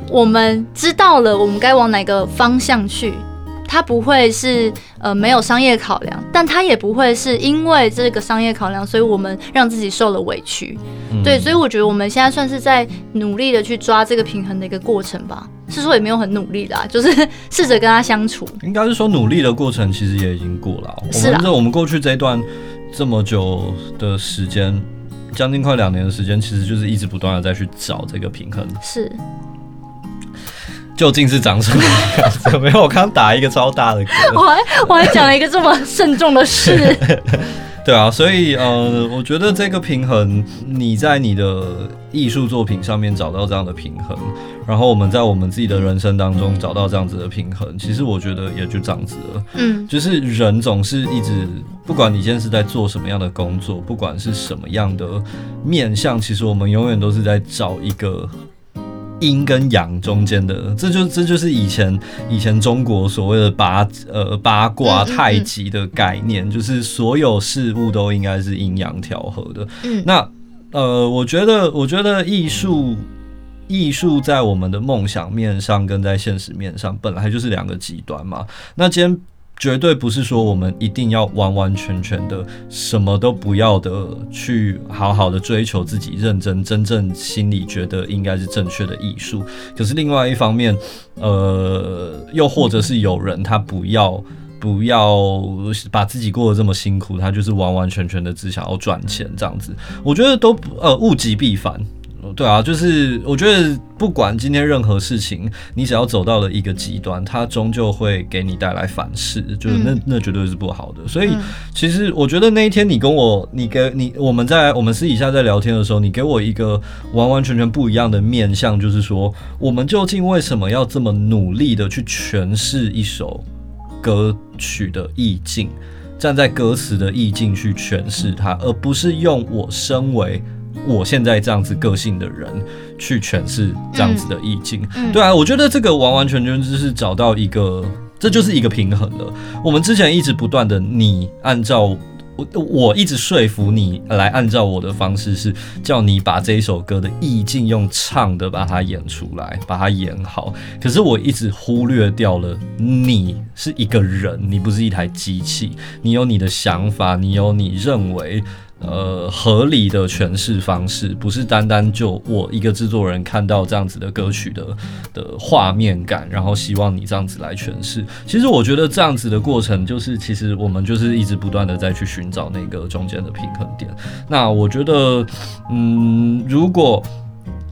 A: 我們知道了我們該往哪個方向去，它不會是呃沒有商業考量，但它也不會是因為這個商業考量，所以我們讓自己受了委屈、嗯。對，所以我覺得我們現在算是在努力的去抓這個平衡的一個過程吧。是說也沒有很努力啦，就是試着跟他相處。
B: 應該是說努力的過程其實也已經過了。我是，我們過去這一段。這麼久的時間，將近快兩年的時間，其實就是一直不斷的在去找這個平衡。是，究竟是長什麼樣子？沒有，我剛打一個超大的，
A: 我還我還講了一個這麼慎重的事。
B: 對啊，所以呃，我覺得這個平衡，你在你的藝術作品上面找到這樣的平衡，然後我們在我們自己的人生當中找到這樣子的平衡，其實我覺得也就這樣子了。嗯，就是人總是一直，不管你現在是在做什麼樣的工作，不管是什麼樣的面向，其實我們永遠都是在找一個。陰跟陽中間的，這就這就是以前以前中國所謂的八呃八卦太極的概念，就是所有事物都應該是陰陽調和的。嗯，那呃，我覺得我覺得藝術、嗯、藝術在我們的夢想面上跟在現實面上本來就是兩個極端嘛。那今天。絕對不是說我們一定要完完全全的什麼都不要的去好好的追求自己認真真正心裡覺得應該是正確的藝術。可是另外一方面，呃，又或者是有人他不要不要把自己過得這麼辛苦，他就是完完全全的只想要賺錢這樣子。我覺得都不，呃，物極必反。對啊，就是我覺得不管今天任何事情，你只要走到了一個極端，它終究會給你帶來反噬，就是那那絕對是不好的。嗯。所以其實我覺得那一天你跟我，你給你我們在我們私底下在聊天的時候，你給我一個完完全全不一樣的面向，就是說我們究竟為什麼要這麼努力的去詮釋一首歌曲的意境，站在歌詞的意境去詮釋它，而不是用我身為。我現在這樣子個性的人去詮釋這樣子的意境。嗯，對啊，我覺得這個完完全全就是找到一個，這就是一個平衡了。我們之前一直不斷的，你按照我，我一直說服你來按照我的方式，是叫你把這一首歌的意境用唱的把它演出來，把它演好。可是我一直忽略掉了，你是一個人，你不是一台機器，你有你的想法，你有你認為。呃，合理的詮釋方式不是單單就我一個制作人看到這樣子的歌曲的的畫面感，然後希望你這樣子來詮釋。其實我覺得這樣子的過程就是，其實我們就是一直不斷的在去尋找那個中間的平衡點。那我覺得，嗯，如果。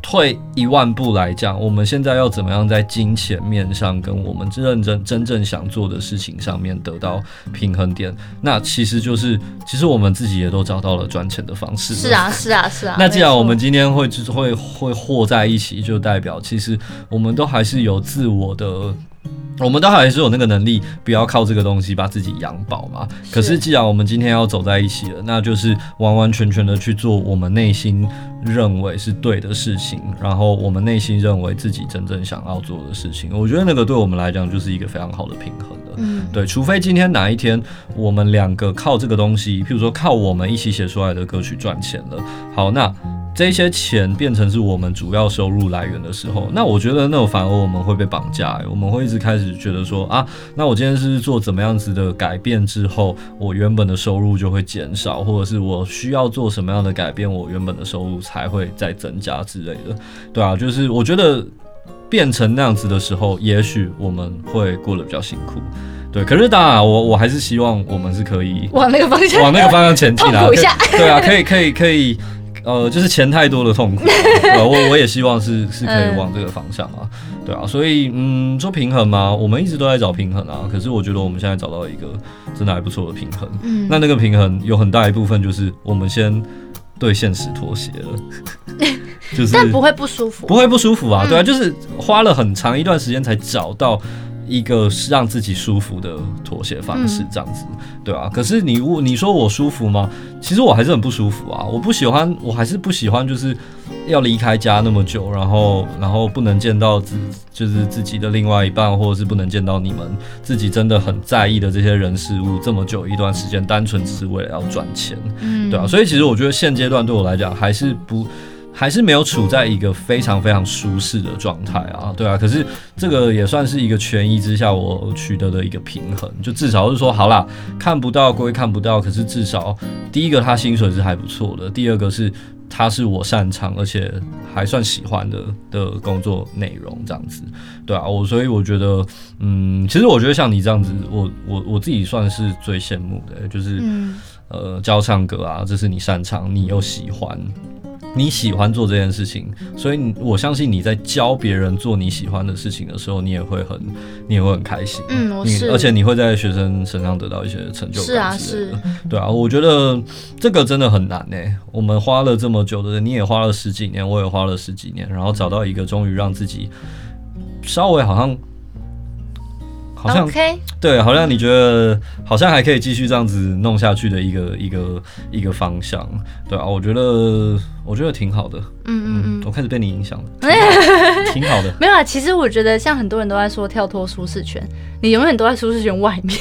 B: 退一萬步來講，我們現在要怎麼樣在金錢面上跟我們真正真正想做的事情上面得到平衡點？那其實就是，其實我們自己也都找到了賺錢的方式。是啊，是啊，是啊。那既然我們今天會就是會會和在一起，就代表其實我們都還是有自我的。我們當然還是有那個能力，不要靠這個東西把自己養飽嘛。可是既然我們今天要走在一起了，那就是完完全全的去做我們內心認為是對的事情，然後我們內心認為自己真正想要做的事情。我覺得那個對我們來講就是一個非常好的平衡。嗯， 對，除非今天哪一天我們兩個靠這個東西，譬如說靠我們一起寫出來的歌曲賺錢了。好，那這些錢變成是我們主要收入來源的時候，那我覺得那種反而我們會被綁架，我們會一直開始覺得說啊，那我今天是做怎麼樣子的改變之後，我原本的收入就會減少，或者是我需要做什麼樣的改變，我原本的收入才會再增加之類的。對啊，就是我覺得。變成那樣子的時候，也許我們會過得比較辛苦，對。可是當然、啊，我我還是希望我們是可以往那個方向，往那個方向前進啊。 痛苦一下，對啊，可以可以可以，呃，就是錢太多的痛苦、啊 對啊。我我也希望是是可以往這個方向啊，對啊。所以嗯，說平衡嘛、啊，我們一直都在找平衡啊。可是我覺得我們現在找到一個真的還不錯的平衡。嗯，那那個平衡有很大一部分就是我們先。對現實妥協
A: 了， 就是，但不會不舒服，不會不
B: 舒服啊，對啊，就是花了很長一段時間才找到。一個是讓自己舒服的妥協方式，這樣子，嗯，對啊。可是你，你說我舒服嗎？其實我還是很不舒服啊！我不喜歡，我還是不喜歡，就是要離開家那麼久，然後，然後不能見到自，就是自己的另外一半，或者是不能見到你們自己真的很在意的這些人事物，這麼久一段時間，單純只是為了要賺錢，嗯，對啊。所以其實我覺得現階段對我來講，還是不。還是沒有處在一個非常非常舒適的狀態啊，對啊，可是這個也算是一個權宜之下我取得的一個平衡，就至少就是說好啦，看不到歸看不到，可是至少第一個他薪水是還不錯的，第二個是他是我擅長而且還算喜歡的的工作內容這樣子，對啊，我所以我覺得，嗯，其實我覺得像你這樣子，我我我自己算是最羨慕的、欸，就是、嗯、呃，教唱歌啊，這是你擅長，你又喜歡。你喜歡做這件事情，所以我相信你在教別人做你喜歡的事情的時候，你也會很，你也會很開心。嗯，我是。而且你會在學生身上得到一些成就感之類的，是啊，是。對啊，我覺得這個真的很難呢。我們花了這麼久的，你也花了十幾年，我也花了十幾年，然後找到一個終於讓自己稍微好像。好像 OK，對，好像你覺得好像還可以繼續這樣子弄下去的一個一個一個方向，對啊，我覺得我覺得挺好的，嗯嗯嗯，嗯，我開始被你影響了，嗯、
A: 挺好的 挺好的。沒有啊，其實我覺得像很多人都在說跳脫舒適圈，你永遠都在舒適圈外面。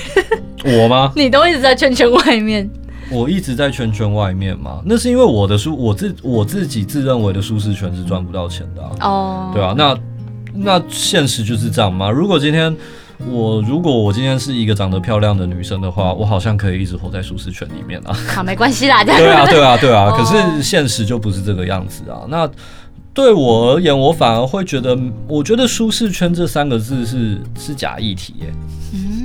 B: 我嗎？
A: 你都一直在圈圈外面。
B: 我一直在圈圈外面嘛？那是因為我的舒我自我自己自認為的舒適圈是賺不到錢的哦、
A: 啊，oh. 對啊，
B: 那那現實就是這樣嗎？如果今天。我如果我今天是一個長得漂亮的女生的話，我好像可以一直活在舒適圈裡面啊。好，
A: 沒關係啦， 對啊，對啊，對啊。 可是
B: 現實就不是這個樣子啊。那對我而言，我反而會覺得，我覺得“舒適圈”這三個字是是假議題耶。嗯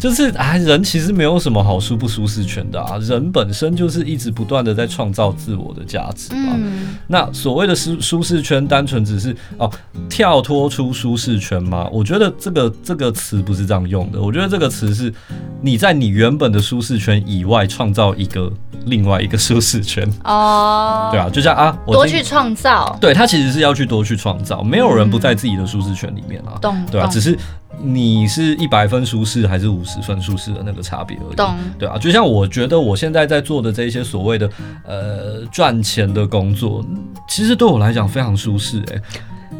B: 就是啊，人其實沒有什麼好舒不舒適圈的啊，人本身就是一直不斷的在創造自我的價值啊，嗯。那所謂的舒舒適圈，單純只是哦，跳脫出舒適圈嗎？我覺得這個這個詞不是這樣用的。我覺得這個詞是你在你原本的舒適圈以外創造一個另外一個舒適圈
A: 哦，對啊，
B: 就像啊我，多去
A: 創造，
B: 對它其實是要去多去創造，沒有人不在自己的舒適圈裡面啊，嗯，對啊，對啊，只是，你是一百分舒適還是五十分舒適的那個差別而已，對啊，就像我覺得我現在在做的這一些所謂的呃賺錢的工作，其實對我來講非常舒適，誒。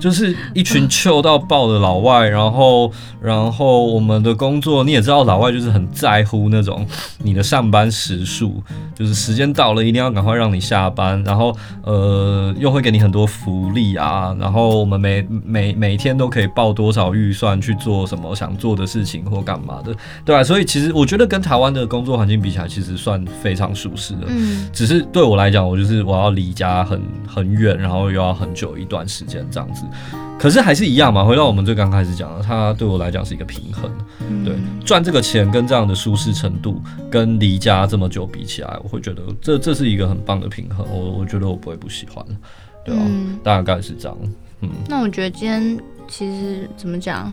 B: 就是一群 chill 到爆的老外，嗯、然後然後我們的工作你也知道，老外就是很在乎那種你的上班時數，就是時間到了一定要趕快讓你下班，然後呃又會給你很多福利啊，然後我們每每每天都可以報多少預算去做什麼想做的事情或幹嘛的，對啊，所以其實我覺得跟台灣的工作環境比起來，其實算非常舒適的，嗯，只是對我來講，我就是我要離家很很遠，然後又要很久一段時間這樣子。可是還是一樣嘛？回到我們最剛開始講的，它對我來講是一個平衡。嗯、對，賺這個錢跟這樣的舒適程度，跟離家這麼久比起來，我會覺得這這是一個很棒的平衡。我我覺得我不會不喜歡，對啊、嗯，大概是這樣。嗯，
A: 那我覺得今天其實怎麼講，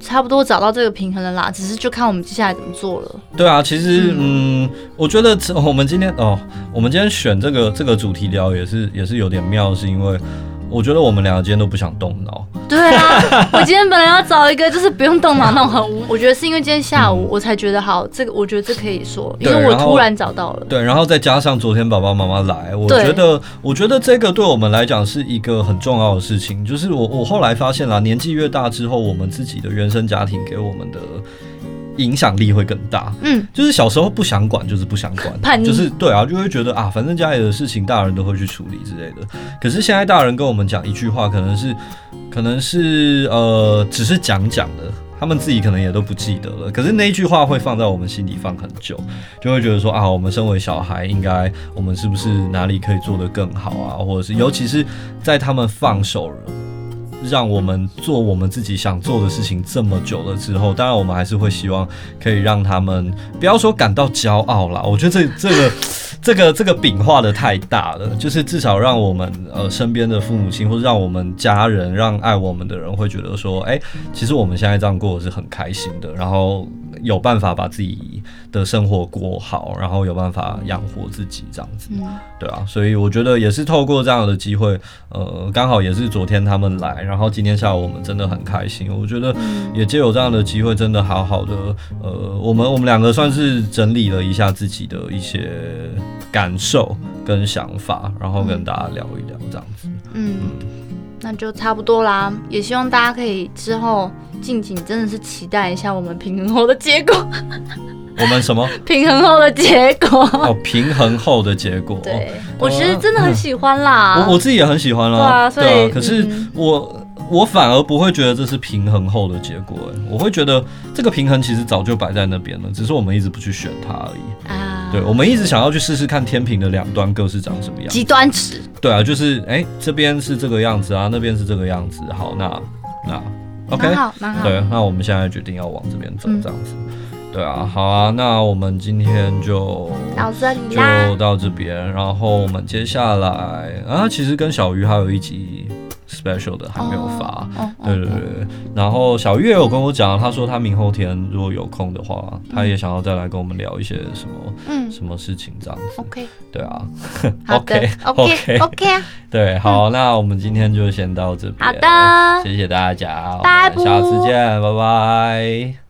A: 差不多找到這個平衡了啦。只是就看我們接下來怎麼做了。
B: 對啊，其實嗯，嗯，我覺得我們今天哦，我們今天選這個這個主題聊也是也是有點妙，是因為。我覺得我們兩個今天都不想動腦。
A: 對啊， 我今天本來要找一個就是不用動腦 那種，我覺得是因為今天下午我才覺得好，嗯，這個我覺得這可以說，因為我突然找到了。
B: 對，然後再加上昨天爸爸媽媽來，我覺得我覺得這個對我們來講是一個很重要的事情，就是我我後來發現了，年紀越大之後，我們自己的原生家庭給我們的。影響力會更大。嗯，就是小時候不想管，就是不想管，就是對啊，就會覺得啊，反正家裡的事情大人都會去處理之類的。可是現在大人跟我們講一句話，可能是，可能是呃，只是講講的，他們自己可能也都不記得了。可是那一句話會放在我們心裡放很久，就會覺得說啊，我們身為小孩，應該我們是不是哪裡可以做得更好啊？或者是尤其是在他們放手了。讓我們做我們自己想做的事情這麼久了之後，當然我們還是會希望可以讓他們不要說感到驕傲啦。我覺得這這個 這個這個餅畫的太大了，就是至少讓我們呃身邊的父母親或者讓我們家人、讓愛我們的人會覺得說，哎、欸，其實我們現在這樣過得是很開心的。然後。有辦法把自己的生活過好，然後有辦法養活自己，這樣子，對啊，所以我覺得也是透過這樣的機會，呃，剛好也是昨天他們來，然後今天下午我們真的很開心，我覺得也藉由這樣的機會，真的好好的，呃，我們我們兩個算是整理了一下自己的一些感受跟想法，然後跟大家聊一聊這樣子，嗯。
A: 那就差不多啦，也希望大家可以之後敬請，真的是期待一下我們平衡後的結果。
B: 我們什麼
A: 平衡後的結果？
B: 哦，平衡後的結果。
A: 對，哦、我其實真的很喜歡啦。我、嗯、我自己也
B: 很喜歡啦。對、啊對啊、可是我、嗯、我反而不會覺得這是平衡後的結果哎、欸，我會覺得這個平衡其實早就擺在那邊了，只是我們一直不去選它而已啊。嗯對，我們一直想要去試試看天平的兩端各是長什麼樣子。極端值。對啊，就是哎，這邊是這個樣子啊，那邊是這個樣子。好，那那
A: OK。蠻好，蠻好。對，
B: 那我們現在決定要往這邊走、嗯，這樣子。對啊，好啊，那我們今天就就到這邊，然後我們接下來啊，其實跟小魚還有一集。special 的還
A: 沒有發，oh, oh, oh, oh, oh.
B: 對對對，然後小月有跟我講、嗯，她說她明後天如果有空的話、嗯，她也想要再來跟我們聊一些什麼，嗯、什麼事情這樣子，OK，對啊 ，OK OK OK，、啊、對，好、嗯，那我們今天就先到這邊，好的，謝謝大家，
A: 拜，我們下次見，
B: 拜拜。